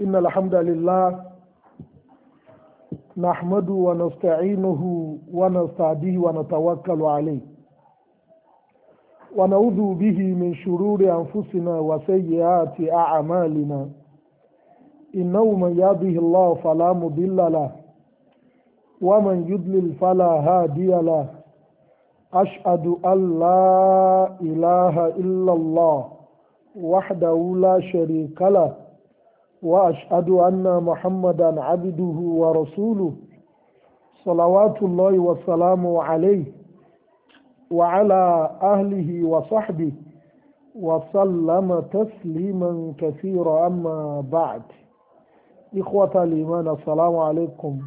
إن الحمد لله نحمده ونستعينه ونستعده ونتوكل عليه ونعوذ به من شرور أنفسنا وسيئات أعمالنا إنه من يهده الله فلا مضل له ومن يضلل فلا هادي له أشهد أن لا إله إلا الله وحده لا شريك له واشهد ان محمدا عبده ورسوله صلوات الله وسلامه عليه وعلى اهله وصحبه وسلم تسليما كثيرا اما بعد اخوه الايمان السلام عليكم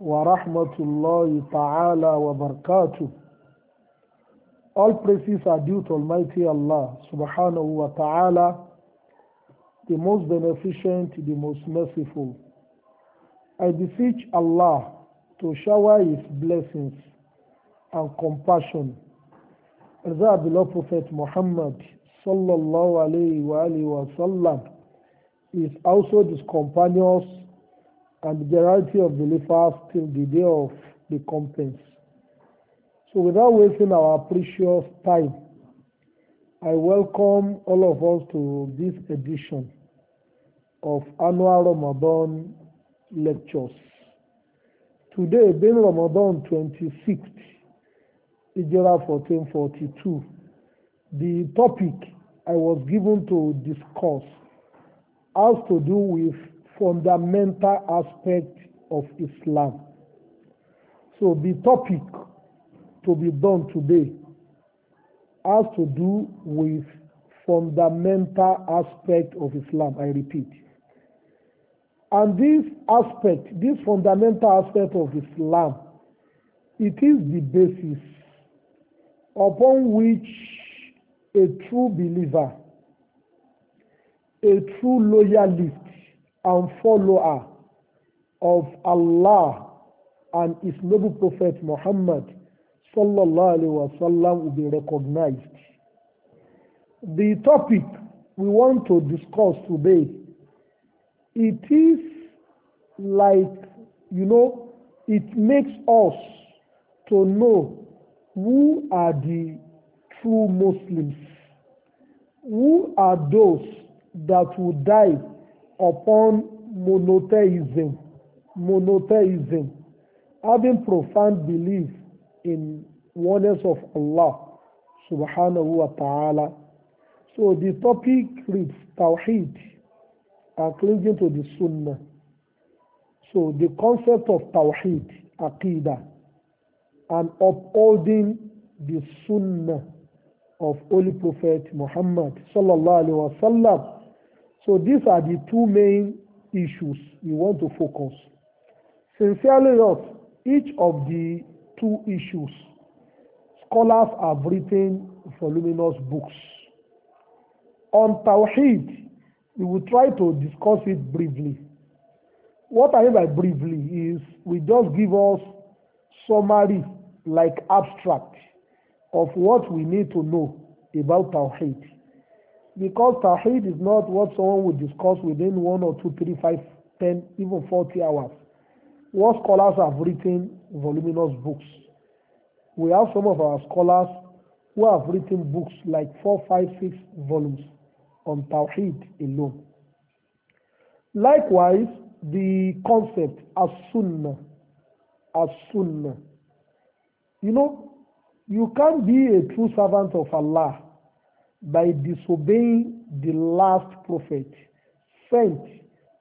ورحمه الله تعالى وبركاته All praises are due to Almighty Allah subhanahu wa ta'ala the most beneficent, the most merciful. I beseech Allah to shower His blessings and compassion. As our beloved Prophet Muhammad sallallahu alayhi wa alayhi wa sallam is also his companions and the variety of believers till the day of the recompense. So without wasting our precious time, I welcome all of us to this edition of annual Ramadan lectures. Today being Ramadan 26th, Ijra 1442, the topic I was given to discuss has to do with fundamental aspect of Islam. So the topic to be done today has to do with fundamental aspect of Islam. I repeat, and this aspect, this fundamental aspect of Islam, it is the basis upon which a true believer, a true loyalist and follower of Allah and His noble Prophet Muhammad sallallahu alaihi wasallam will be recognized. The topic we want to discuss today it is like, you know, it makes us to know who are the true Muslims, who are those that will die upon monotheism, monotheism, having profound belief in oneness of Allah subhanahu wa ta'ala. So the topic reads Tawheed are clinging to the Sunnah. So the concept of Tawheed, Aqidah, and upholding the Sunnah of Holy Prophet Muhammad sallallahu alaihi wasallam. So these are the two main issues we want to focus. Sincerely yours, each of the two issues, scholars have written voluminous books. On Tawheed, we will try to discuss it briefly. What I mean by briefly is we just give us summary, like abstract, of what we need to know about Tawheed. Because Tawheed is not what someone would discuss within one or two, three, five, ten, even 40 hours. What scholars have written voluminous books. We have some of our scholars who have written books like four, five, six volumes on Tawheed alone. Likewise, the concept as Sunnah, as Sunnah. You know, you can't be a true servant of Allah by disobeying the last prophet sent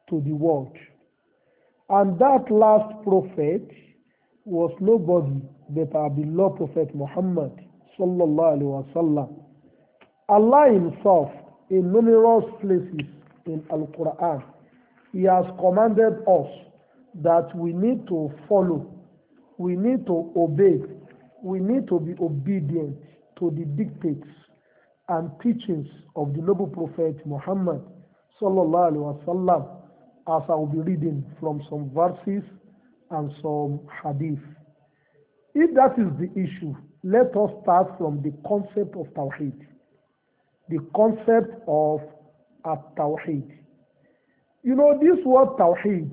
to the world. And that last prophet was nobody but our beloved Prophet Muhammad sallallahu alaihi wasallam. Allah Himself in numerous places in Al Quran, He has commanded us that we need to follow, we need to obey, we need to be obedient to the dictates and teachings of the noble prophet Muhammad sallallahu alaihi wasallam as I will be reading from some verses and some hadith. If that is the issue, let us start from the concept of Tawheed the concept of ta'awhid. tawheed you know this word tawheed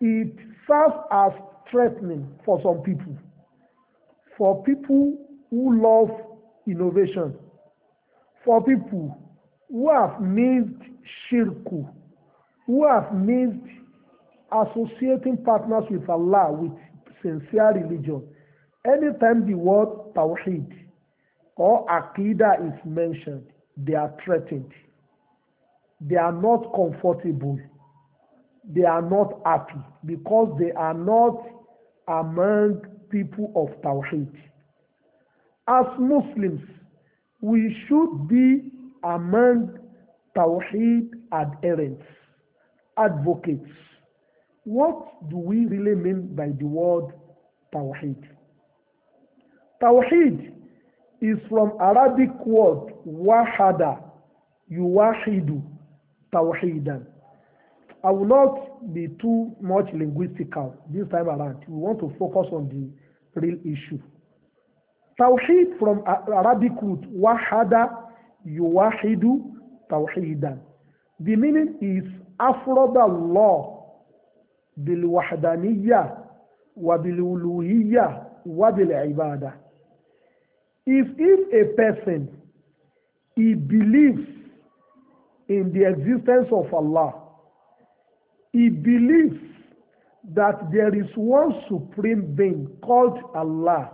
it serves as threatening for some people for people who love innovation for people who have missed shirku who have missed associating partners with allah with sincere religion anytime the word tawheed or akida is mentioned, they are threatened. They are not comfortable. They are not happy because they are not among people of Tawheed. As Muslims, we should be among Tawheed adherents, advocates. What do we really mean by the word Tawheed? Tawheed is from Arabic word wahada, yuwahidu, tawhidan. I will not be too much linguistical this time around. We want to focus on the real issue. Tawhid from Arabic root wahada, yuwahidu, tawhidan. The meaning is afroda Allah bil wahdaniyya wa bil uluhiyya wa bil ibadah. If, if a person, he believes in the existence of Allah, he believes that there is one supreme being called Allah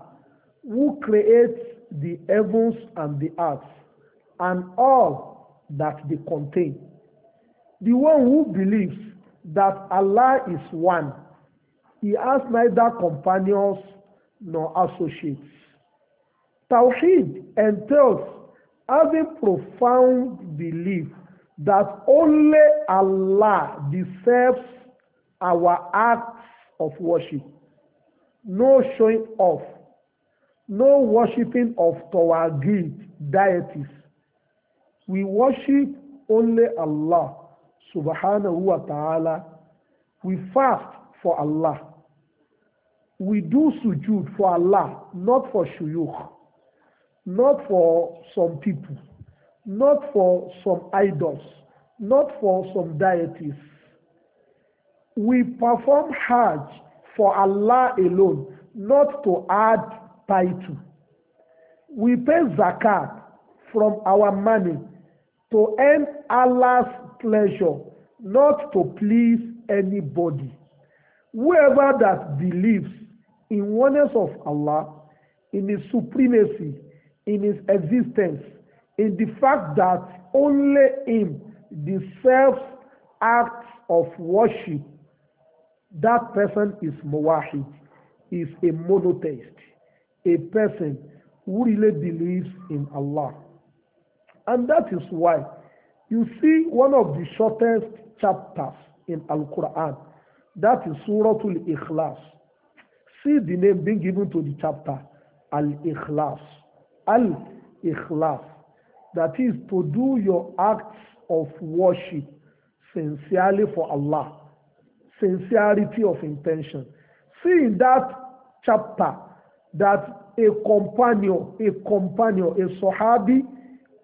who creates the heavens and the earth and all that they contain. The one who believes that Allah is one, he has neither companions nor associates. Tawheed entails having profound belief that only Allah deserves our acts of worship. No showing off, no worshiping of tawagid deities. We worship only Allah subhanahu wa ta'ala. We fast for Allah. We do sujood for Allah, not for shuyukh. not for some people, not for some idols, not for some deities. We perform Hajj for Allah alone, not to add title. We pay zakat from our money to earn Allah's pleasure, not to please anybody. Whoever that believes in oneness of Allah, in His supremacy, in his existence in the fact that only him deserves acts of worship, that person is muwahid, is a monotheist, a person who really believes in Allah. And that is why you see one of the shortest chapters in Al-Quran, that is Surah ikhlas See the name being given to the chapter, Al-Ikhlas al-ikhlas. That is to do your acts of worship sincerely for Allah. Sincerity of intention. See in that chapter that a companion, a companion, a sahabi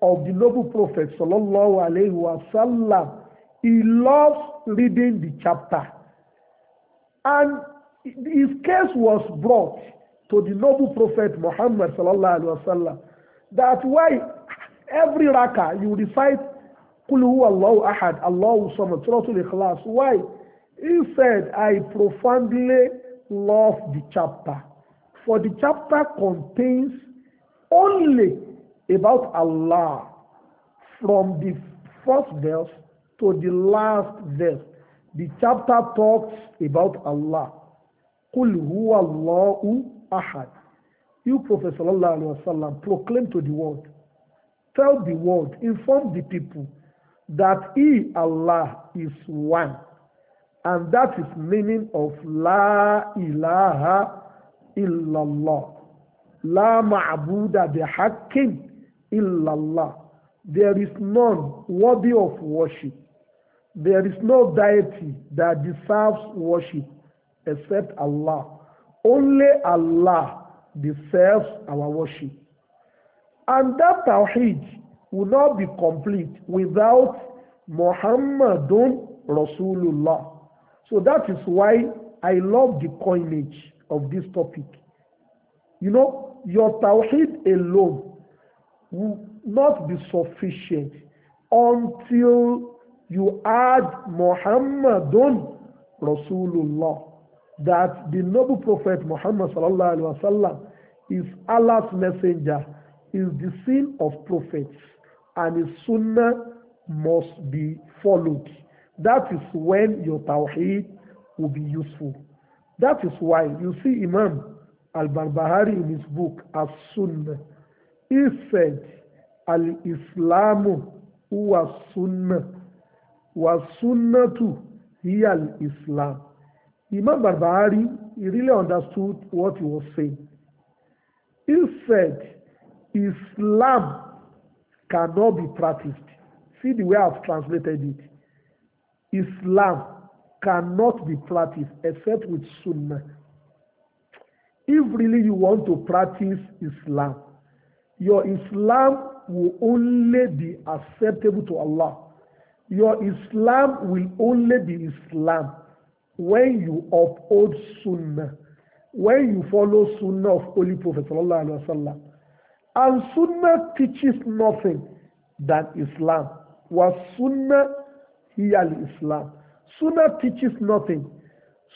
of the noble prophet sallallahu alayhi wasallam, he loves reading the chapter. And his case was brought to the noble prophet Muhammad sallallahu alaihi wasallam that why every rakah you recite Qul Allahu ahad, Allahu samad, Suratul Ikhlas. Why? He said, I profoundly love the chapter. For the chapter contains only about Allah from the first verse to the last verse. The chapter talks about Allah. Qul Allahu ahad. You, Prophet Sallallahu Alaihi Wasallam, proclaim to the world, tell the world, inform the people that He, Allah, is one. And that is meaning of La ilaha illallah. La ma'abuda bihaqqin illallah. There is none worthy of worship. There is no deity that deserves worship except Allah. Only Allah deserves our worship. And that Tawheed will not be complete without Muhammadun Rasulullah. So that is why I love the coinage of this topic. You know, your Tawheed alone will not be sufficient until you add Muhammadun Rasulullah. that the noble prophet Muhammad sallallahu alaihi wasallam is Allah's messenger is the sin of prophets and his sunnah must be followed. That is when your tawheed will be useful. That is why you see Imam al-Barbahari in his book As-Sunnah. He said, Al-Islamu huwa sunnah wa sunnatu hiya al-Islam. Imam Barbahari he really understood what he was saying. He said, Islam cannot be practiced. See the way I've translated it. Islam cannot be practiced except with Sunnah. If really you want to practice Islam, your Islam will only be acceptable to Allah. Your Islam will only be Islam when you uphold sunnah, when you follow sunnah of Holy Prophet sallallahu alaihi wasallam, and sunnah teaches nothing than Islam. Was sunnah here Islam. Sunnah teaches nothing.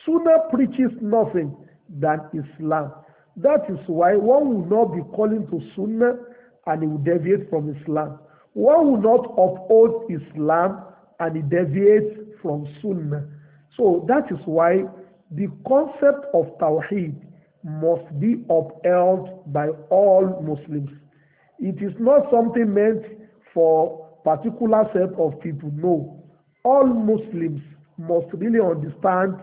Sunnah preaches nothing than Islam. That is why one will not be calling to Sunnah and he will deviate from Islam. One will not uphold Islam and he deviates from Sunnah. So that is why the concept of Tawheed must be upheld by all Muslims. It is not something meant for particular set of people. No. All Muslims must really understand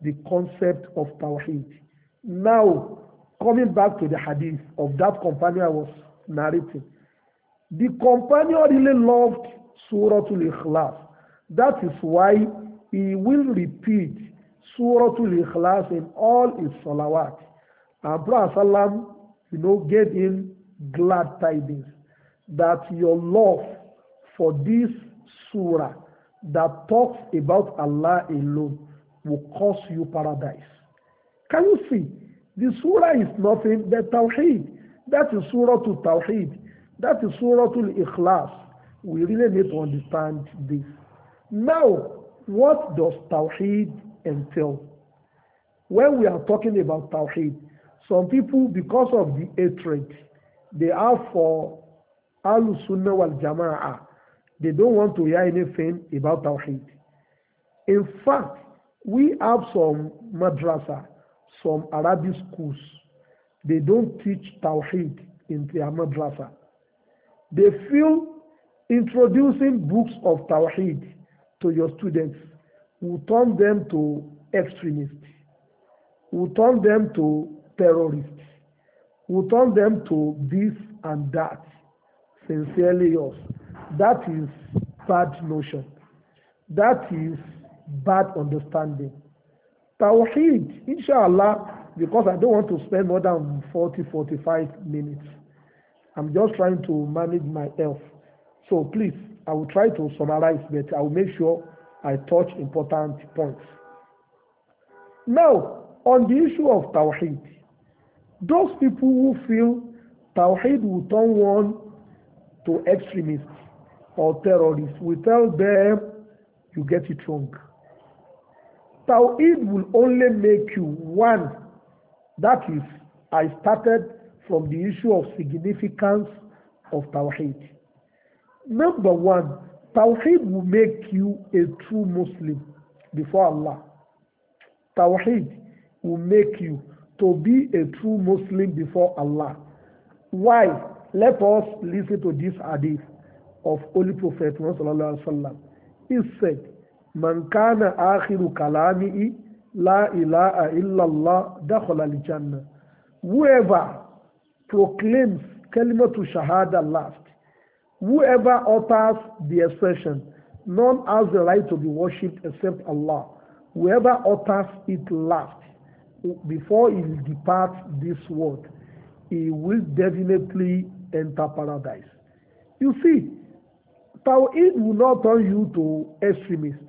the concept of Tawheed. Now, coming back to the hadith of that companion I was narrating, the companion really loved Surah Al-Ikhlas. That is why he will repeat Suratul Ikhlas in all his salawat. And Prophet you know, gave him glad tidings that your love for this surah that talks about Allah alone will cost you paradise. Can you see? The surah is nothing but Tawheed. That is surah to Tawheed. That is surah Ikhlas. We really need to understand this. Now, what does Tawheed entail? When we are talking about Tawheed, some people, because of the hatred they are for Al Sunnah wal Jama'ah, they don't want to hear anything about Tawheed. In fact, we have some madrasa, some Arabic schools, they don't teach Tawheed in their madrasa. They feel introducing books of Tawheed to your students will turn them to extremists, will turn them to terrorists, will turn them to this and that. Sincerely yours. That is bad notion. That is bad understanding. Tawheed, inshallah, because I don't want to spend more than 40, 45 minutes. I'm just trying to manage my health. So please, I will try to summarize, but I will make sure I touch important points. Now, on the issue of Tawheed, those people who feel Tawheed will turn one to extremists or terrorists, we tell them you get it wrong. Tawheed will only make you one. That is, I started from the issue of significance of Tawheed. Number one, Tawheed will make you a true Muslim before Allah. Tawheed will make you to be a true Muslim before Allah. Why? Let us listen to this hadith of Holy Prophet Muhammad. He said, Man kana akhiru kalami'i la ilaha illallah dakhala al-jannah. Whoever proclaims kalimatu shahada last Whoever utters the expression, none has the right to be worshipped except Allah. Whoever utters it last, before he departs this world, he will definitely enter paradise. You see, Tawheed will not turn you to extremist.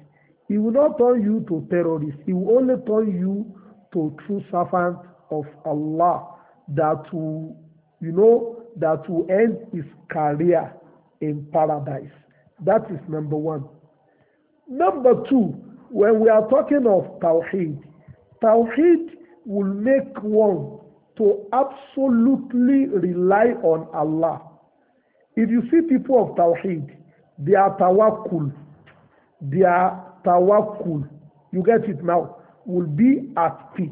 It will not turn you to terrorist. It will only turn you to true servant of Allah that will, you know, that will end his career in paradise. That is number one. Number two, when we are talking of Tawheed, Tawheed will make one to absolutely rely on Allah. If you see people of Tawheed, they are tawakkul. They You get it now. Will be at peak.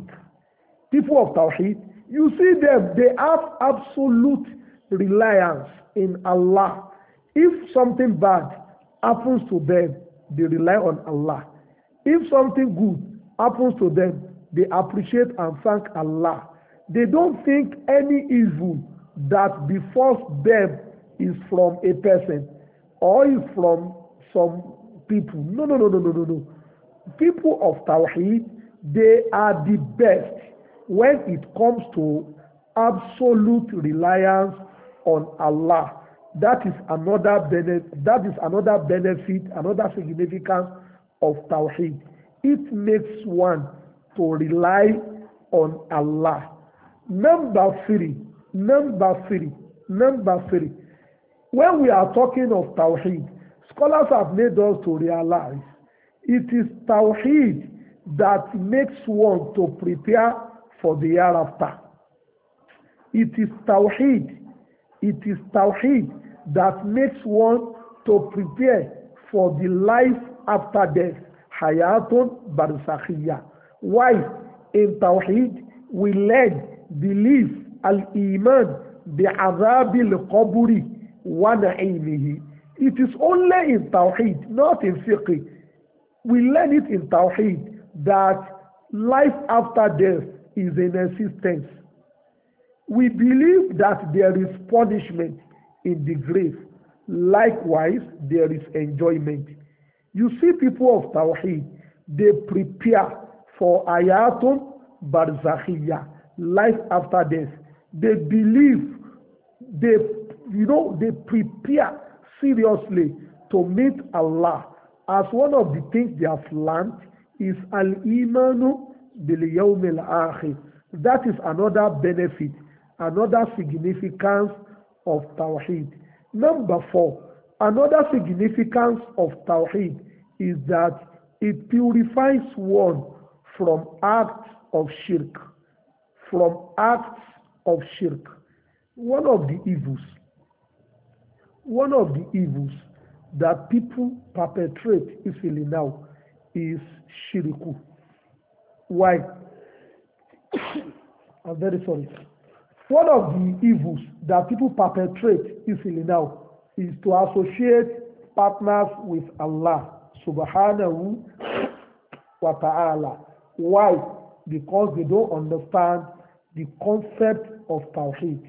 People of Tawheed, you see them, they have absolute reliance in Allah. If something bad happens to them, they rely on Allah. If something good happens to them, they appreciate and thank Allah. They don't think any evil that befalls them is from a person or is from some people. No, no, no, no, no, no, no. People of Tawheed, they are the best when it comes to absolute reliance on Allah that is another benefit that is another benefit another significance of tawhid it makes one to rely on Allah number three number three number three when we are talking of tawhid scholars have made us to realize it is tawhid that makes one to prepare for the hereafter it is tawhid It is tawheed that makes one to prepare for the life after death. Hayatun Barzakhiyah. Why? In Tawheed, we learn belief al-Iman a'zabil qaburi wa na'imihi. It is only in Tawheed, not in fiqh. We learn it in Tawheed that life after death is in existence. We believe that there is punishment in the grave. Likewise, there is enjoyment. You see, people of Tawheed, they prepare for Ayatun Barzakhia, life after death. They believe, they, you know, they prepare seriously to meet Allah. As one of the things they have learned is Al-Imanu Bil Yawm Al-Akhir. That is another benefit another significance of tawhid number four another significance of tawhid is that it purifies one from acts of shirk from acts of shirk one of the evils one of the evils that people perpetrate easily now is shirku why i'm very sorry One of the evils that people perpetrate easily now is to associate partners with Allah subhanahu wa ta'ala. Why? Because they don't understand the concept of Tawheed.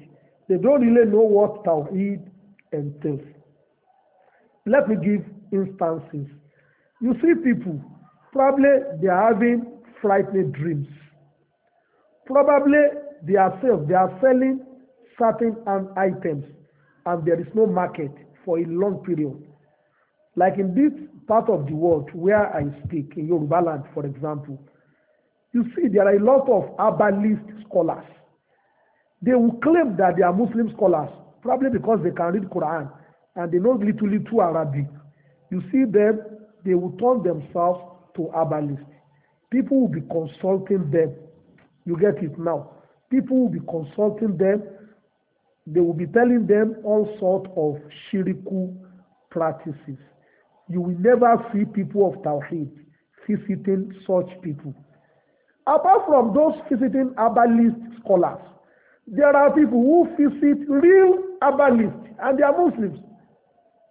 They don't really know what Tawheed entails. Let me give instances. You see people, probably they are having frightening dreams. Probably They are sales. They are selling certain items, and there is no market for a long period. Like in this part of the world where I speak, in Yoruba land, for example, you see there are a lot of herbalist scholars. They will claim that they are Muslim scholars, probably because they can read Quran and they know little little Arabic. You see them, they will turn themselves to herbalists. People will be consulting them. You get it now. people will be consulting them they will be telling them all sorts of shiriku practices you will never see people of tawheed visiting such people apart from those visiting herbalist scholars there are people who visit real herbalists and they are muslims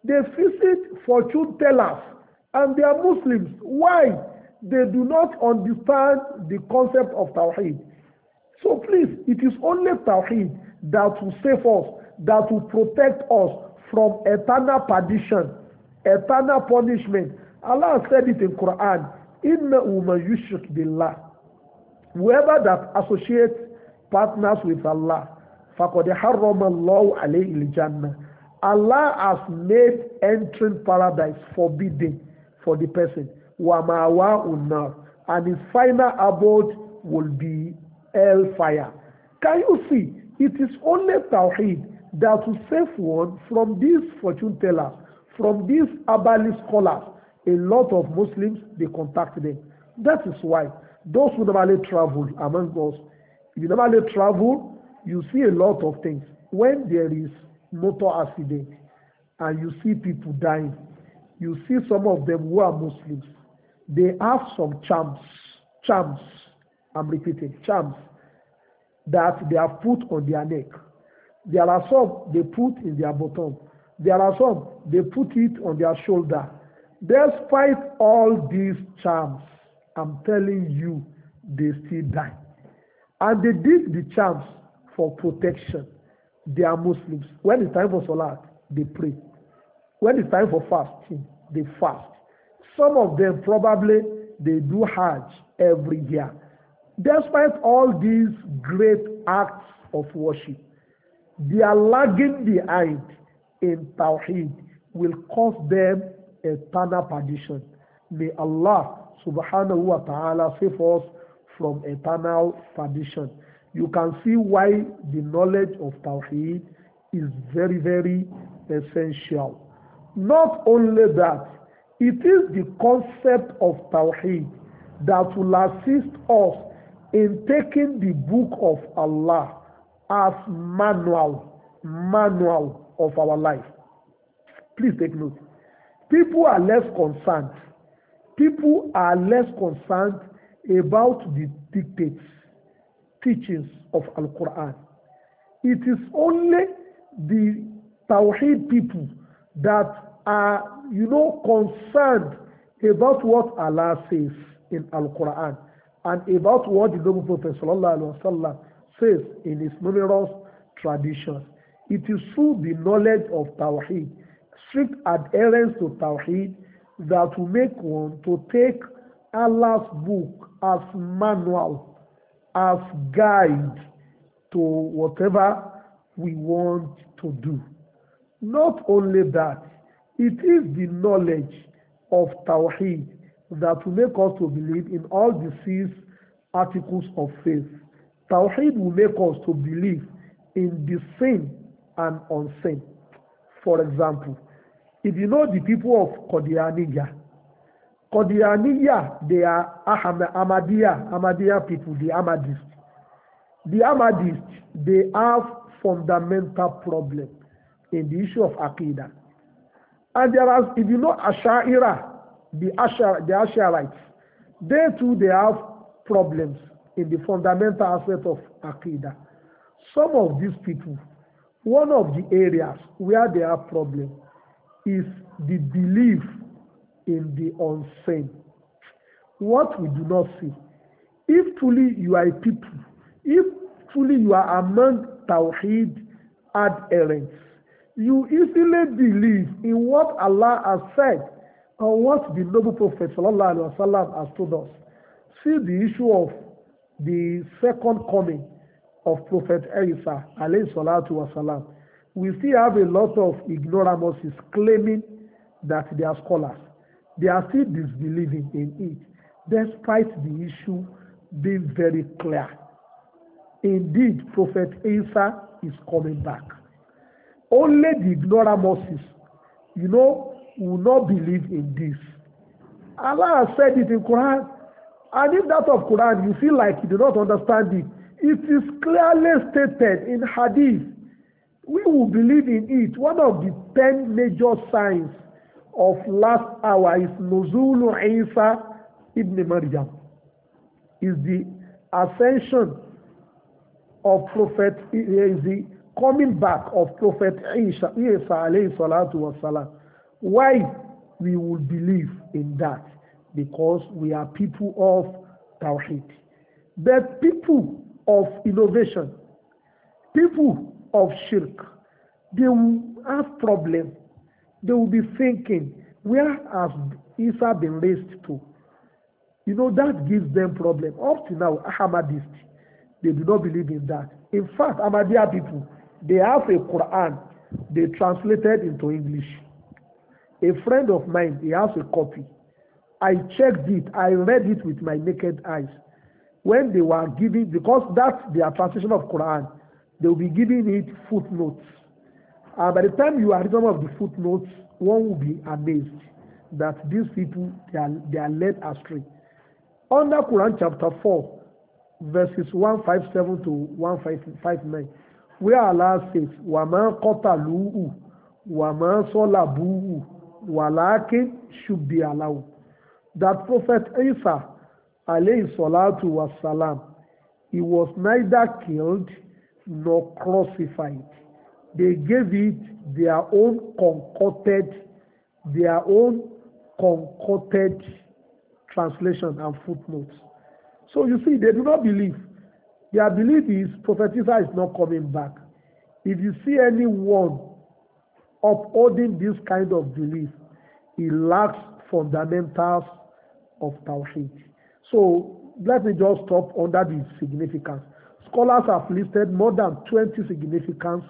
they visit fortune tellers and they are muslims why they do not understand the concept of tawheed. So oh, please, it is only Tawheed that will save us, that will protect us from eternal perdition, eternal punishment. Allah said it in Quran, Inna مَنْ يُشْرِكْ بِاللَّهِ Whoever that associates partners with Allah, فَقَدْ حَرَّمَ اللَّهُ عَلَيْهِ الْجَنَّةِ Allah has made entering paradise forbidden for the person. وَمَعْوَاءُ النَّارِ And his final abode will be hellfire. Can you see? It is only Tawheed that will save one from these fortune tellers, from these Abali scholars. A lot of Muslims, they contact them. That is why those who normally travel among us, if you normally travel, you see a lot of things. When there is motor accident and you see people dying, you see some of them who are Muslims. They have some charms, charms I'm repeating, charms that they have put on their neck. There are some they put in their bottom. There are some they put it on their shoulder. Despite all these charms, I'm telling you, they still die. And they did the charms for protection. They are Muslims. When it's time for Salat, they pray. When it's time for fasting, they fast. Some of them probably they do Hajj every year despite all these great acts of worship, they are lagging behind in Tawheed will cause them eternal perdition. May Allah subhanahu wa ta'ala save us from eternal perdition. You can see why the knowledge of Tawheed is very, very essential. Not only that, it is the concept of Tawheed that will assist us in taking the book of Allah as manual manual of our life. Please take note. People are less concerned. People are less concerned about the dictates, teachings of Al Quran. It is only the Tawheed people that are, you know, concerned about what Allah says in Al Quran and about what the noble prophet sallallahu says in his numerous traditions. It is through the knowledge of Tawheed, strict adherence to Tawheed, that will make one to take Allah's book as manual, as guide to whatever we want to do. Not only that, it is the knowledge of Tawheed that will make us to believe in all the six articles of faith. Tawheed will make us to believe in the same and unseen. For example, if you know the people of Qadianiyah, Qadianiyah, they are Ahmadiyya, Ahmadiyya people, the Ahmadis. The Ahmadis, they have fundamental problem in the issue of Aqidah. And there are, if you know Asha'ira, the, Ashar, the Asharites, they too they have problems in the fundamental aspect of Aqidah. Some of these people, one of the areas where they have problem is the belief in the unseen. What we do not see. If truly you are a people, if truly you are among Tawheed adherents, you easily believe in what Allah has said on what the noble prophet sallallahu alaihi wasallam has told us. See the issue of the second coming of Prophet Isa alayhi salatu wasalam. We still have a lot of ignoramuses claiming that they are scholars. They are still disbelieving in it, despite the issue being very clear. Indeed, Prophet Isa is coming back. Only the ignoramuses, you know, will not believe in this. Allah has said it in Quran. And if that of Quran you feel like you do not understand it, it is clearly stated in Hadith. We will believe in it. One of the ten major signs of last hour is Nuzulu Isa ibn Maryam. Is the ascension of Prophet is the coming back of Prophet Isa, Isa alayhi salatu wasalam. Why we will believe in that? Because we are people of Tawheed. But people of innovation, people of shirk, they will have problem. They will be thinking, where has Isa been raised to? You know, that gives them problem. Up to now, Ahmadists, they do not believe in that. In fact, Ahmadiyya people, they have a Quran, they translated into English. A friend of mine, he has a copy. I checked it. I read it with my naked eyes. When they were giving, because that's their translation of Quran, they will be giving it footnotes. Uh, by the time you are some of the footnotes, one will be amazed that these people they are, they are led astray. Under Quran chapter four, verses one five seven to one five five nine, where Allah says, وَمَا قَتَلُوهُ وَمَا صَلَبُوهُ walakin should be allowed. That Prophet Isa, alayhi salatu wasalam, he was neither killed nor crucified. They gave it their own concocted, their own concocted translation and footnotes. So you see, they do not believe. Their belief is Prophet Isa is not coming back. If you see anyone upholding this kind of belief, it lacks fundamentals of Tawheed. So let me just stop under the significance. Scholars have listed more than 20 significance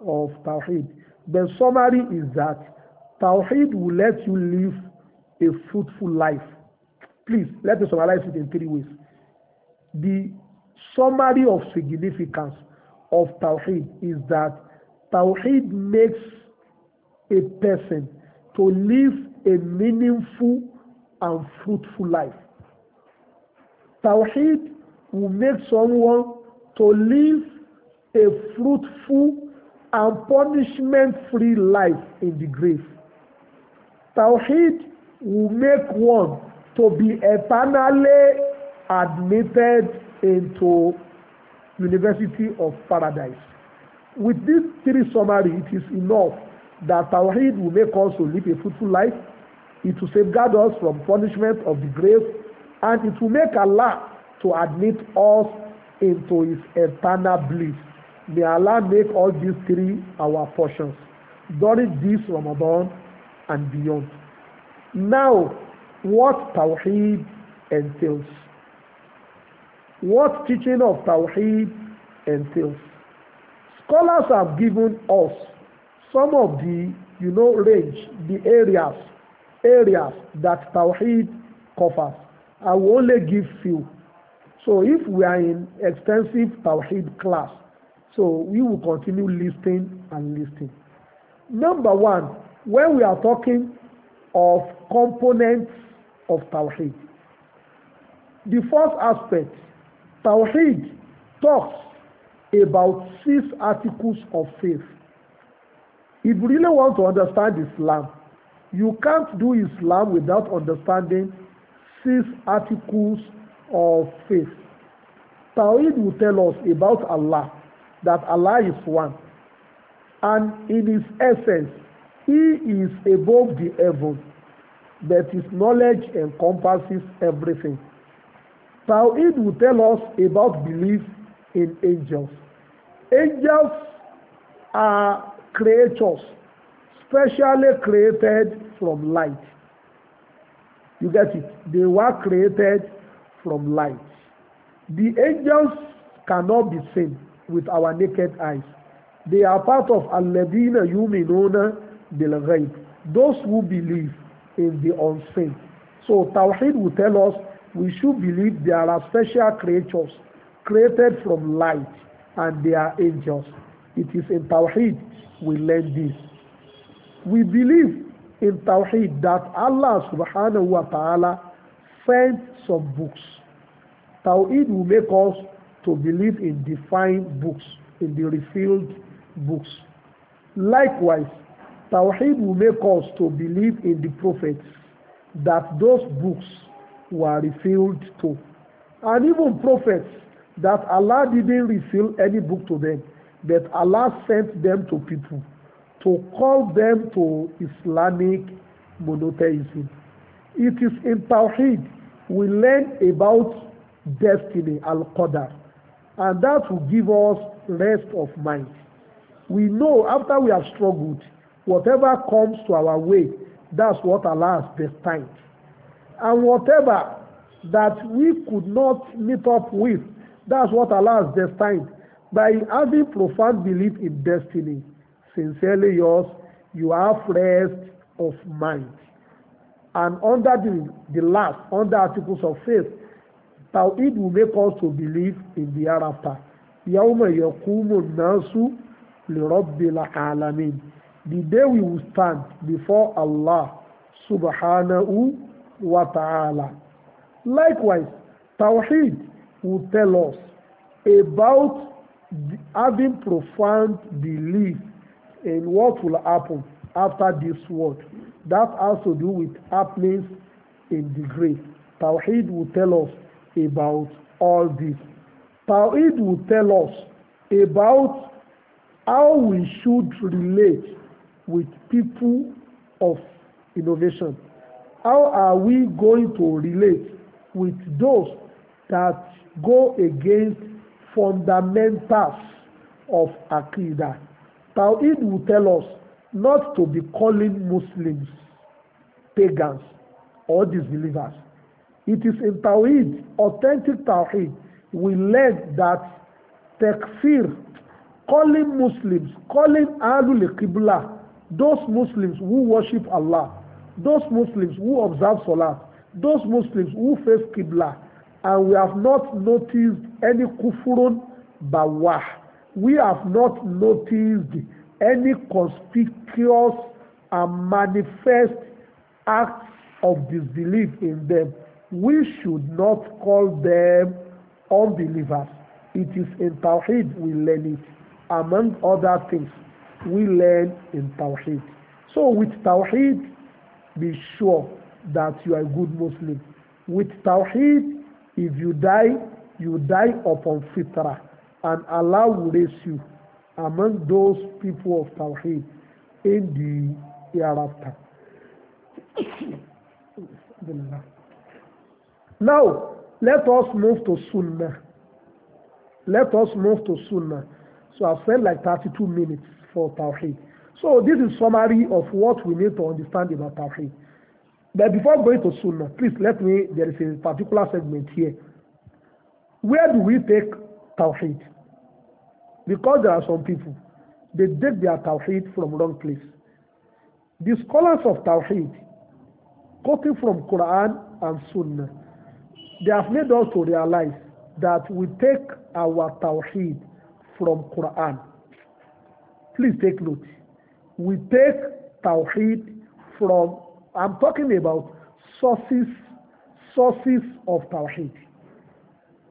of Tawheed. The summary is that Tawheed will let you live a fruitful life. Please, let me summarize it in three ways. The summary of significance of Tawheed is that Tawheed makes a person to live a meaningful and fruitful life. Tawheed will make someone to live a fruitful and punishment-free life in the grave. Tawheed will make one to be eternally admitted into University of Paradise. With this three summary, it is enough that Tawheed will make us to live a fruitful life, it will safeguard us from punishment of the grave, and it will make Allah to admit us into his eternal bliss. May Allah make all these three our portions during this Ramadan and beyond. Now, what Tawheed entails. What teaching of Tawheed entails. Scholars have given us some of the, you know, range, the areas, areas that tawhid covers. I will only give few. So if we are in extensive tawhid class, so we will continue listing and listing. Number one, when we are talking of components of tawhid, the first aspect, tawhid talks about six articles of faith. If you really want to understand Islam, you can't do Islam without understanding six articles of faith. Tawhid will tell us about Allah, that Allah is one. And in his essence, he is above the heaven, but his knowledge encompasses everything. Tawhid will tell us about belief in angels. Angels are creators, specially created from light. You get it? They were created from light. The angels cannot be seen with our naked eyes. They are part of Al-Ladina Yuminuna bil those who believe in the unseen. So Tawheed will tell us we should believe there are special creatures created from light and they are angels. It is in Tawheed we learn this. We believe in Tawheed that Allah subhanahu wa ta'ala sent some books. Tawheed will make us to believe in defined books, in the revealed books. Likewise, Tawheed will make us to believe in the prophets, that those books were revealed to. And even prophets, that Allah didn't reveal any book to them. But Allah sent them to people to call them to Islamic monotheism. It is in Tawheed we learn about destiny, Al-Qadr, and that will give us rest of mind. We know after we have struggled, whatever comes to our way, that's what Allah has destined. And whatever that we could not meet up with, that's what Allah has destined. by having profound belief in destiny sincerely yours you have rest of mind and under the the last under articles of faith tawhid will make us to believe in the hereafter yawma yakumu nasu lirabbil alamin the day we will stand before Allah subhanahu wa ta'ala likewise tawhid will tell us about having profound belief in what will happen after this world. That has to do with happenings in the grave. Tawheed will tell us about all this. Tawheed will tell us about how we should relate with people of innovation. How are we going to relate with those that go against fundamentals of Akida. Tawhid will tell us not to be calling Muslims pagans or disbelievers. It is in Tawhid, authentic Tawhid, we learn that takfir, calling Muslims, calling Ahlul Qibla, those Muslims who worship Allah, those Muslims who observe Salah, those Muslims who face Qibla, and we have not noticed any kufurun bawah. We have not noticed any conspicuous and manifest acts of disbelief in them. We should not call them unbelievers. It is in Tawheed we learn it. Among other things, we learn in Tawheed. So with Tawheed, be sure that you are a good Muslim. With Tawheed, if you die, you die upon fitrah, and Allah will raise you among those people of Tawheed in the hereafter. now, let us move to Sunnah. Let us move to Sunnah. So I've spent like 32 minutes for Tawheed. So this is summary of what we need to understand about Tawheed. But before going to Sunnah, please let me, there is a particular segment here. Where do we take Tawheed? Because there are some people, they take their Tawheed from wrong place. The scholars of Tawheed, quoting from Quran and Sunnah, they have made us to realize that we take our Tawheed from Quran. Please take note. We take Tawheed from I'm talking about sources, sources of Tawheed.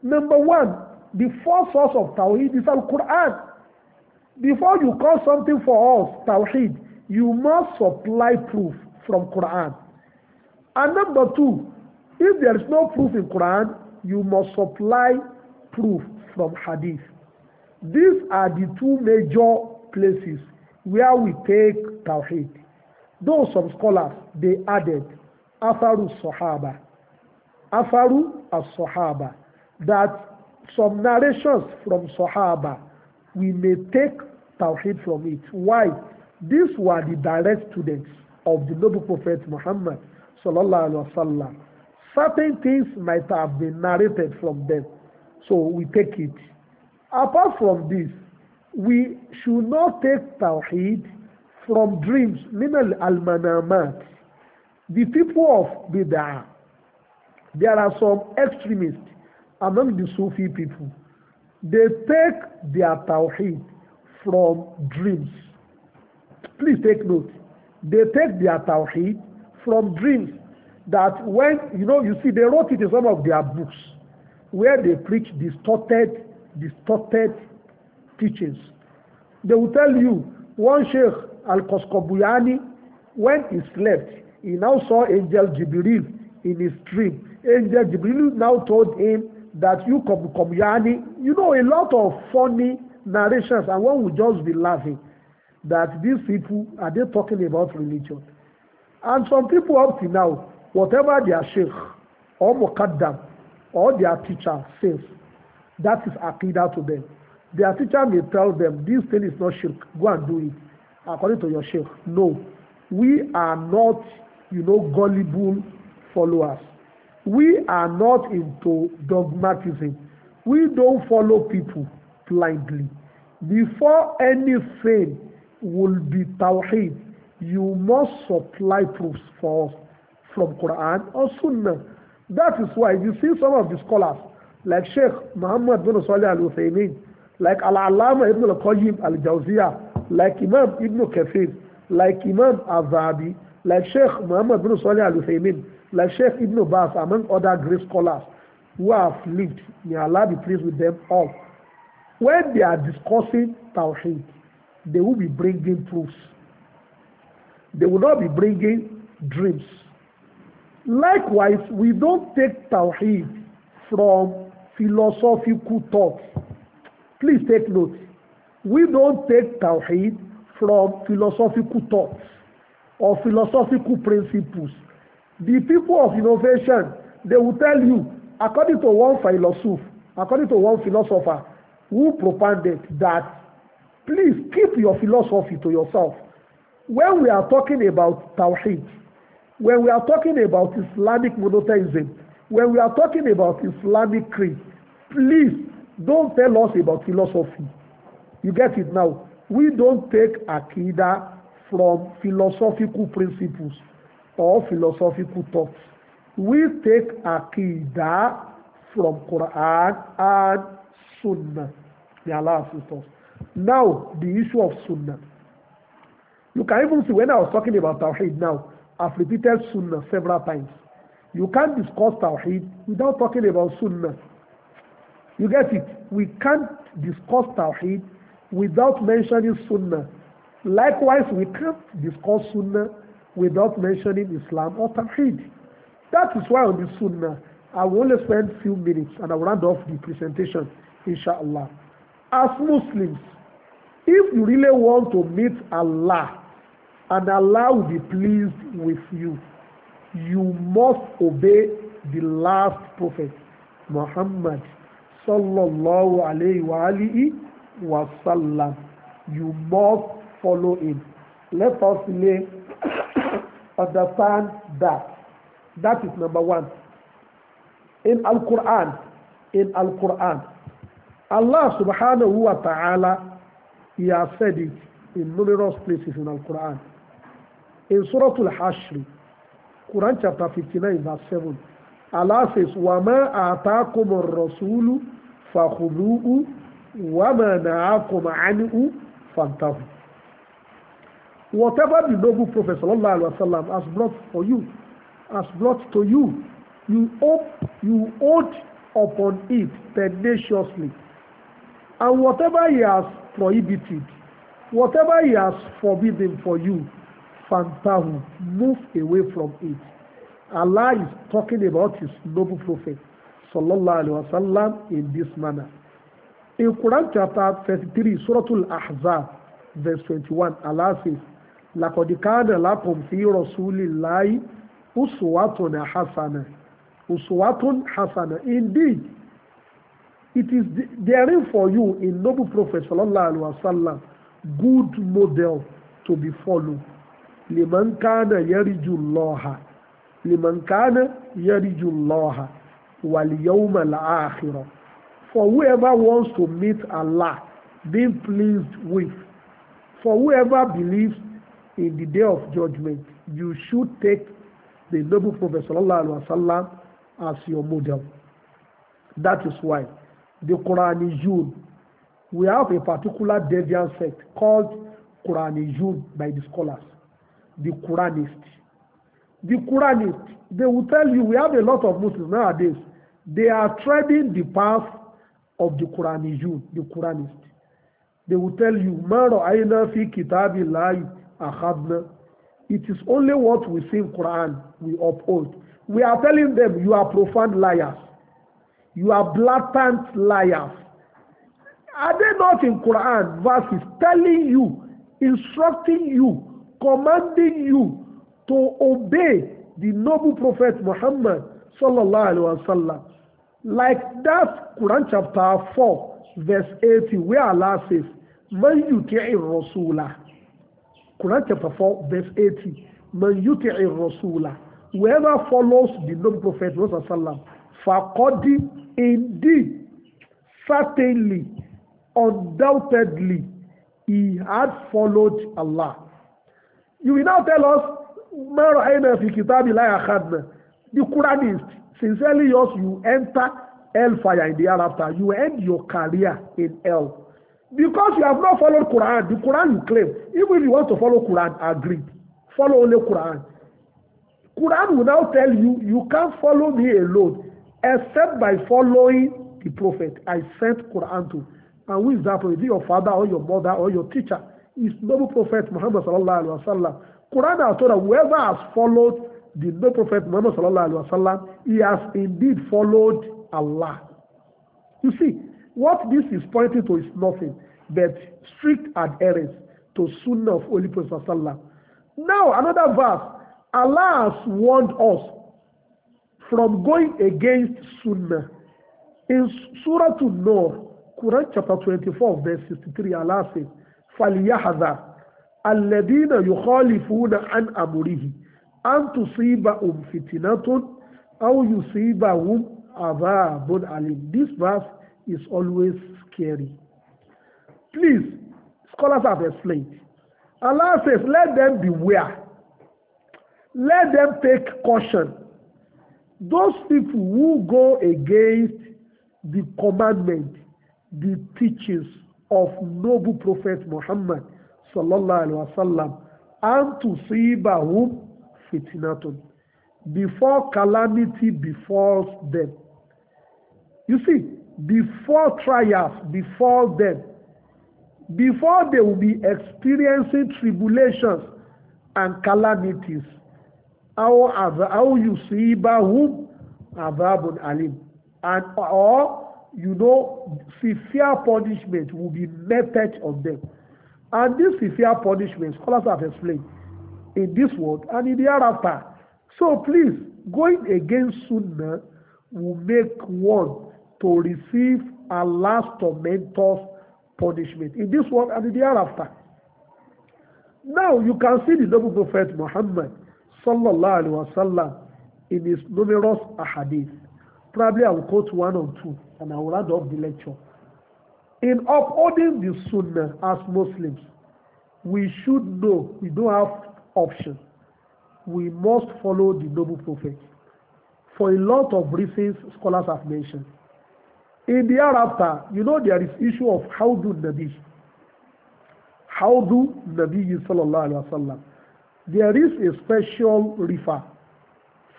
Number one, the first source of Tawheed is Al-Quran. Before you call something for us Tawheed, you must supply proof from Quran. And number two, if there is no proof in Quran, you must supply proof from Hadith. These are the two major places where we take Tawheed. Those some scholars, they added Afaru Sahaba, Afaru as Sahaba, that some narrations from Sahaba, we may take Tawhid from it. Why? These were the direct students of the noble prophet Muhammad sallallahu alaihi wasallam. Certain things might have been narrated from them, so we take it. Apart from this, we should not take Tawhid from dreams minal almanamat the people of bid'ah there are some extremists among the Sufi people they take their tawhid from dreams please take note they take their tawhid from dreams that when you know you see they wrote it in some of their books where they preach distorted distorted teachings they will tell you one sheikh Al-Koskobuyani, when he slept, he now saw Angel Jibril in his dream. Angel Jibril now told him that you come Kobyani. You know, a lot of funny narrations, and one would just be laughing that these people are they talking about religion. And some people up to now, whatever their sheikh or muqaddam or their teacher says, that is akida to them. Their teacher may tell them this thing is not shirk, go and do it according to your sheikh. No, we are not, you know, gullible followers. We are not into dogmatism. We don't follow people blindly. Before anything will be tawheed, you must supply proofs for us from Quran or Sunnah. That is why you see some of the scholars like Sheikh Muhammad bin Salih al Uthaymeen, like Al Alama ibn al Qayyim al Jawziyah, like Imam Ibn Kathir like Imam Azabi like Sheikh Muhammad bin Salih Al-Uthaymeen like Sheikh Ibn Baz among other great scholars who have lived may Allah be pleased with them all when they are discussing tawhid they will be bringing proofs they will not be bringing dreams likewise we don't take tawhid from philosophical thoughts please take note we don't take tawhid from philosophical thoughts or philosophical principles the people of innovation they will tell you according to one philosopher according to one philosopher who propounded that please keep your philosophy to yourself when we are talking about tawhid when we are talking about islamic monotheism when we are talking about islamic creed please don't tell us about philosophy You get it now? We don't take Akida from philosophical principles or philosophical thoughts. We take Akida from Quran and Sunnah. Allah sisters. Now, the issue of Sunnah. You can even see when I was talking about Tawheed now, I've repeated Sunnah several times. You can't discuss Tawheed without talking about Sunnah. You get it? We can't discuss Tawheed without mentioning Sunnah. Likewise, we can't discuss Sunnah without mentioning Islam or Tawheed. That is why on the Sunnah, I will only spend few minutes and I will end off the presentation, inshallah. As Muslims, if you really want to meet Allah and Allah will be pleased with you, you must obey the last prophet, Muhammad sallallahu alayhi wa alihi wasallam you must follow him let us lay understand that that is number one in al-Quran in al-Quran Allah subhanahu wa ta'ala he has said it in numerous places in al-Quran in Surah Al-Hashr Quran chapter 59 verse 7 Allah says وَمَا آتَاكُمُ الرَّسُولُ فَخُذُوهُ wàmà náà kọ̀mà ánìhù fantahu. Whatever the noble Prophet sallallahu alaihi wasallam has brought for you, has brought to you, you hope you hold upon it tenaciously. And whatever he has prohibited, whatever he has forbidden for you, fantahu, move away from it. Allah is talking about his noble Prophet sallallahu alaihi wasallam in this manner. In Quran chapter 33, Suratul Ahzab, verse 21, Allah says, لَقَدْ كَانَ لَكُمْ فِي رَسُولِ اللَّهِ أُسْوَةٌ حَسَنَةٌ أُسْوَةٌ Indeed, it is daring for you in noble prophet sallallahu alaihi wasallam good model to be followed liman kana yarju allaha liman kana yarju allaha wal yawmal akhirah For whoever wants to meet Allah, being pleased with. For whoever believes in the day of judgment, you should take the noble Prophet wasallam as your model. That is why the Quraniyun, we have a particular deviant sect called Quraniyun by the scholars, the Quranists. The Quranists, they will tell you, we have a lot of Muslims nowadays, they are treading the path of the Quraniyun, the Quranist. They will tell you, Maro aina fi kitabi lai akhadna. It is only what we see in Quran we uphold. We are telling them, you are profound liars. You are blatant liars. Are they not in Quran verses telling you, instructing you, commanding you to obey the noble prophet Muhammad sallallahu alaihi wasallam? Like that Quran chapter 4 verse 80 where Allah says, Man yuti'i rasula. Quran chapter 4 verse 80. Man yuti'i rasula. Whoever follows the known prophet Rasulullah, faqadi indeed, certainly, undoubtedly, he had followed Allah. You will now tell us, ما رأينا fi كتاب الله أخذنا. The Quranist Sincerely yours, you enter hellfire in the after. You end your career in hell. Because you have not followed Quran, the Quran you claim. Even if you want to follow Quran, agreed. Follow only Quran. Quran will now tell you, you can't follow me alone except by following the prophet I sent Quran to. And who is that prophet? Is it your father or your mother or your teacher? Is noble prophet Muhammad sallallahu alaihi wasallam. Quran has told us whoever has followed the prophet Muhammad sallallahu alaihi wasallam, he has indeed followed Allah. You see, what this is pointing to is nothing but strict adherence to Sunnah of Holy Prophet sallallahu. Now another verse, Allah has warned us from going against Sunnah. In Surah to Noor, Quran chapter 24, verse 63, Allah says, فَلْيَحْذَرْ الَّذِينَ يُخَالِفُونَ عَنْ أَمْرِهِ àǹtù sí ibà òun fìtìnà tó how you sí ibà wọ́n àbáàbọ̀n alim this verse is always scary please scholars have explained Allah says let them beware let them take caution those people who go against the commandment the teachings of noble prophet Muhammad sallallahu alaihi wasallam and to see bahum fitinatun before calamity befalls them. You see, before trials befall them, before they will be experiencing tribulations and calamities, how you see by whom azabun alim, and or you know severe punishment will be meted on them, and this severe punishment, scholars have explained in this world and in the hereafter. So please, going against Sunnah will make one to receive a last tormentor's punishment in this world and in the hereafter. Now you can see the noble prophet Muhammad sallallahu alaihi wasallam in his numerous ahadith. Probably I will quote one or two and I will end off the lecture. In upholding the Sunnah as Muslims, we should know we don't have option. We must follow the noble prophet for a lot of reasons scholars have mentioned. In the hereafter, you know there is issue of how do Nabi. How do Nabi sallallahu alayhi wasallam. There is a special refer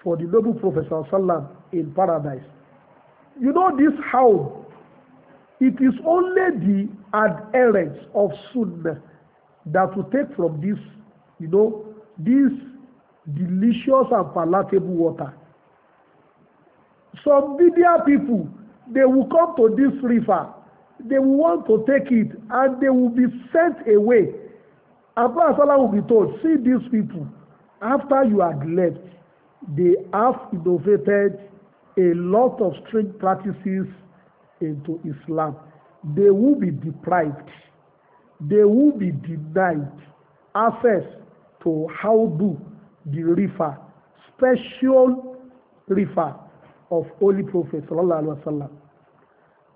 for the noble Prophet sallam in paradise. You know this how it is only the adherents of Sunnah that will take from this, you know, this delicious and palatable water. Some media people, they will come to this river, they will want to take it, and they will be sent away. Abba Salah will be told, see these people, after you had left, they have innovated a lot of strange practices into Islam. They will be deprived. They will be denied access to do the river, special river of Holy Prophet wasallam.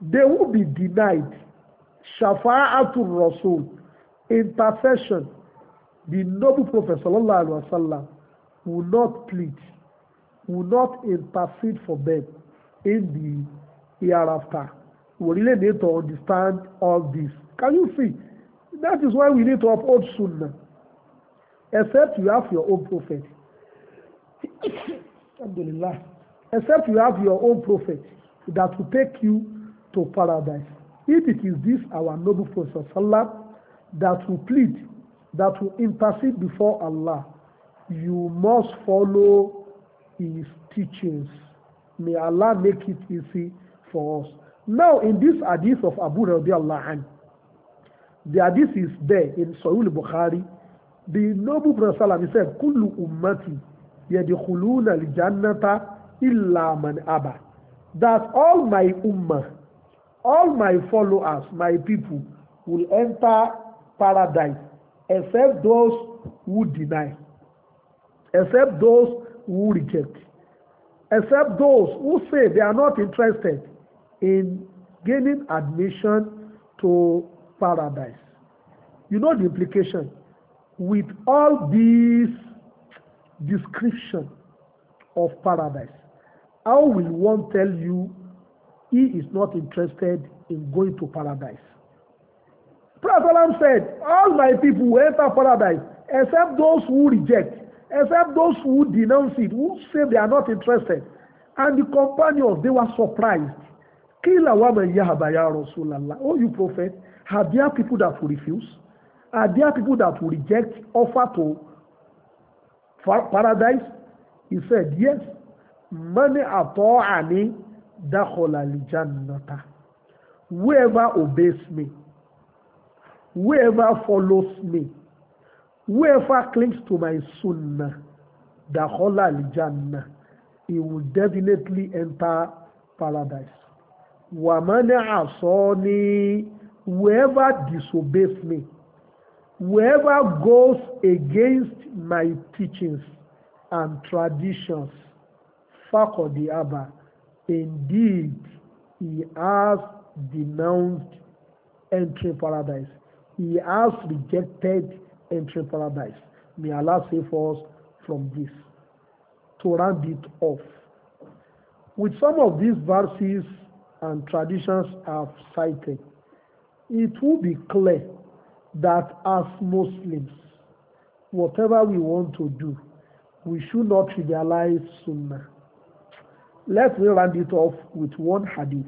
They will be denied Shafa'atul Rasul, intercession. The noble Prophet wasallam will not plead, will not intercede for them in the hereafter. We really need to understand all this. Can you see? That is why we need to uphold Sunnah except you have your own prophet. Alhamdulillah. Except you have your own prophet that will take you to paradise. If it is this our noble Prophet Allah that will plead, that will intercede before Allah, you must follow his teachings. May Allah make it easy for us. Now, in this hadith of Abu Radiallahu anhu, the hadith is there in Sahih Bukhari the noble prophet salami said kulu ummati yadikuluna aljannata illa man aba that all my ummah all my followers my people will enter paradise except those who deny except those who reject except those who say they are not interested in gaining admission to paradise you know the implication with all these description of paradise, how will one tell you he is not interested in going to paradise? Prophet said, All my people will enter paradise, except those who reject, except those who denounce it, who say they are not interested. And the companions, they were surprised. Kill a woman, Yahabaya Rasulallah. Oh, you prophet, have there people that will refuse? Are there people that will reject offer to paradise? He said, yes. Mani ato'ani dakhola lijannata. Whoever obeys me, whoever follows me, whoever clings to my sunnah, dakhola lijannah, he will definitely enter paradise. Wamani asoni, whoever disobeys me, Whoever goes against my teachings and traditions, the Abba, indeed he has denounced entering paradise. He has rejected entering paradise. May Allah save us from this. To round it off. With some of these verses and traditions I've cited, it will be clear that as Muslims, whatever we want to do, we should not trivialize Sunnah. Let me round it off with one hadith.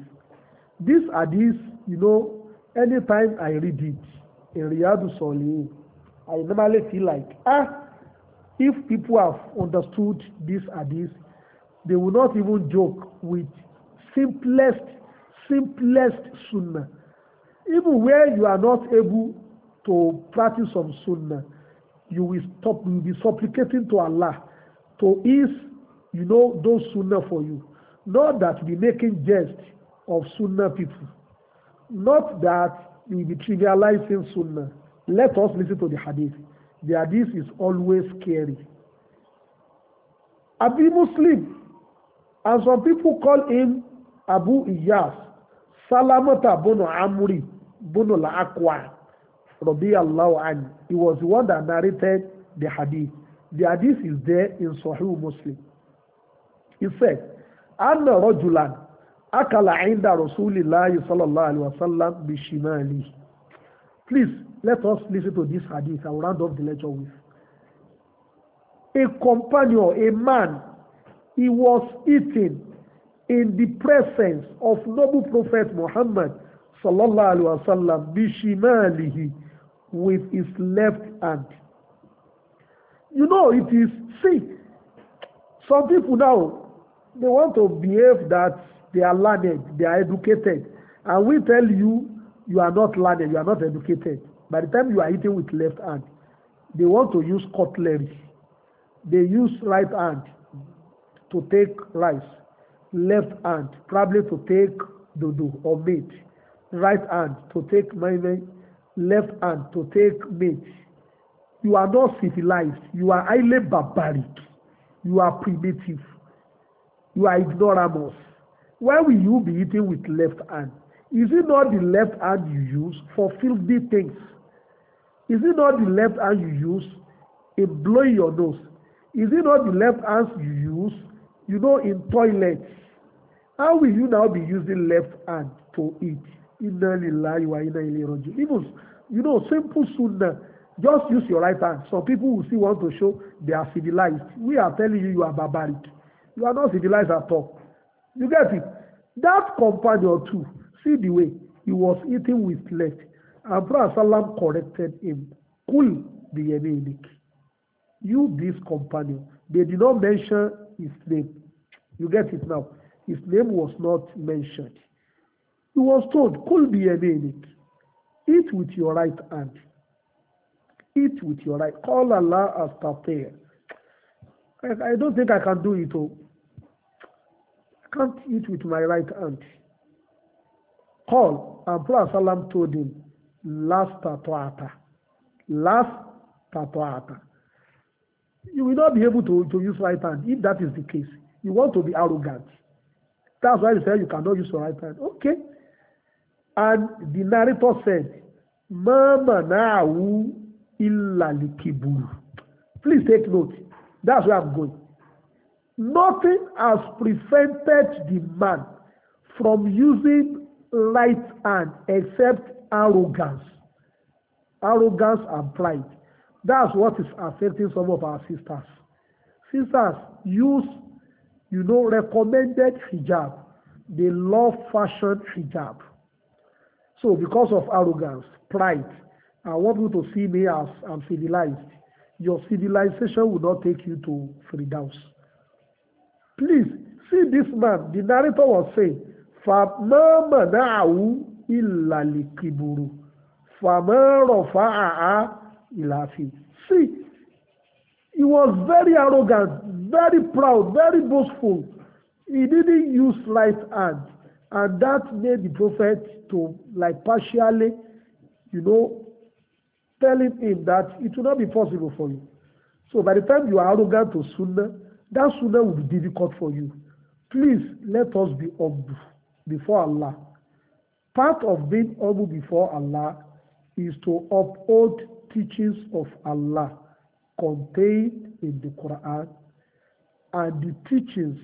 This hadith, you know, anytime I read it in Riyadu Salihin, I normally feel like, ah, if people have understood this hadith, they will not even joke with simplest, simplest sunnah. Even where you are not able to practice some sunnah, you will stop you will be supplicating to Allah to ease, you know, those sunnah for you. Not that you be making jest of sunnah people. Not that you will be trivializing sunnah. Let us listen to the hadith. The hadith is always scary. Abi Muslim, and some people call him Abu Iyas, Salamata Bono Amri, Bono La Akwa. radiyallahu anhu he was the one that narrated the hadith the hadith is there in Sahih Muslim he said anna rajulan akala inda rasulillahi sallallahu alaihi wasallam bishimali please let us listen to this hadith i will round off the lecture with a companion a man he was eating in the presence of noble prophet muhammad sallallahu alaihi wasallam bishimalihi with his left hand. You know, it is, see, some people now, they want to behave that they are learned, they are educated. And we tell you, you are not learned, you are not educated. By the time you are eating with left hand, they want to use cutlery. They use right hand to take rice, left hand probably to take dodo or meat, right hand to take maybe left hand to take mate. You are not civilized. You are highly barbaric. You are primitive. You are ignoramus. Why will you be eating with left hand? Is it not the left hand you use for filthy things? Is it not the left hand you use in blowing your nose? Is it not the left hand you use, you know, in toilets? How will you now be using left hand to eat? inna lillahi wa inna ilayhi raji'un even you know simple sunnah just use your right hand some people will still want to show they are civilized we are telling you you are barbaric you are not civilized at all you get it that companion too see the way he was eating with left and prophet salam corrected him kul biyeminik you this companion they did not mention his name you get it now his name was not mentioned He was told, Kul biyadinik. Eat with your right hand. Eat with your right. Call Allah as tafir. I, I don't think I can do it all. Oh. I can't eat with my right hand. Call. And Prophet Salam told him, Last tatuata. Last tatuata. You will not be able to, to use right hand if that is the case. You want to be arrogant. That's why you say you cannot use your right hand. Okay. And the narrator said, Mama na'awu illalikibur. Please take note. That's where I'm going. Nothing has prevented the man from using right hand except arrogance. Arrogance and pride. That's what is affecting some of our sisters. Sisters use, you know, recommended hijab. They love fashion hijab. So because of arrogance, pride, I want you to see me as I'm civilized. Your civilization will not take you to Fridaus. Please, see this man. The narrator was saying, فَمَا مَنَعَهُ إِلَّا لِكِبُرُ فَمَا رَفَعَهَا إِلَّا فِي See, he was very arrogant, very proud, very boastful. He didn't use right hand. And that made the prophet to like partially, you know, telling him that it will not be possible for you. So by the time you are arrogant to Sunnah, that Sunnah will be difficult for you. Please let us be humble before Allah. Part of being humble before Allah is to uphold teachings of Allah contained in the Quran and the teachings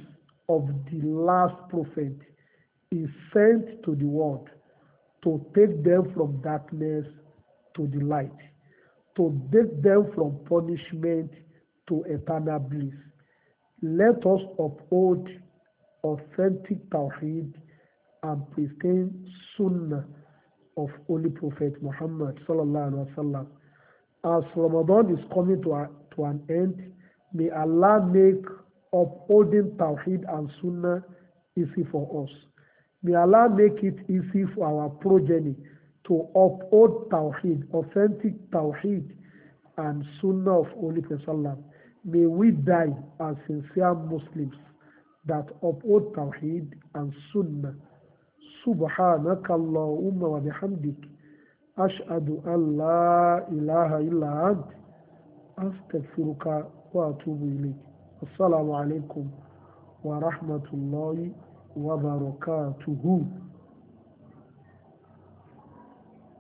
of the last prophet is sent to the world to take them from darkness to the light, to take them from punishment to eternal bliss. Let us uphold authentic Tawheed and pristine Sunnah of Holy Prophet Muhammad sallallahu alaihi wasallam. As Ramadan is coming to, a, to an end, may Allah make upholding Tawheed and Sunnah easy for us. May Allah make it easy for our progeny to uphold Tawheed, authentic Tawheed, and Sunnah of Holy Prophet May we die as sincere Muslims that uphold Tawheed and Sunnah. سبحانك اللهم وبحمدك أشهد أن لا إله إلا أنت أستغفرك وأتوب إليك السلام عليكم ورحمة الله وبركاته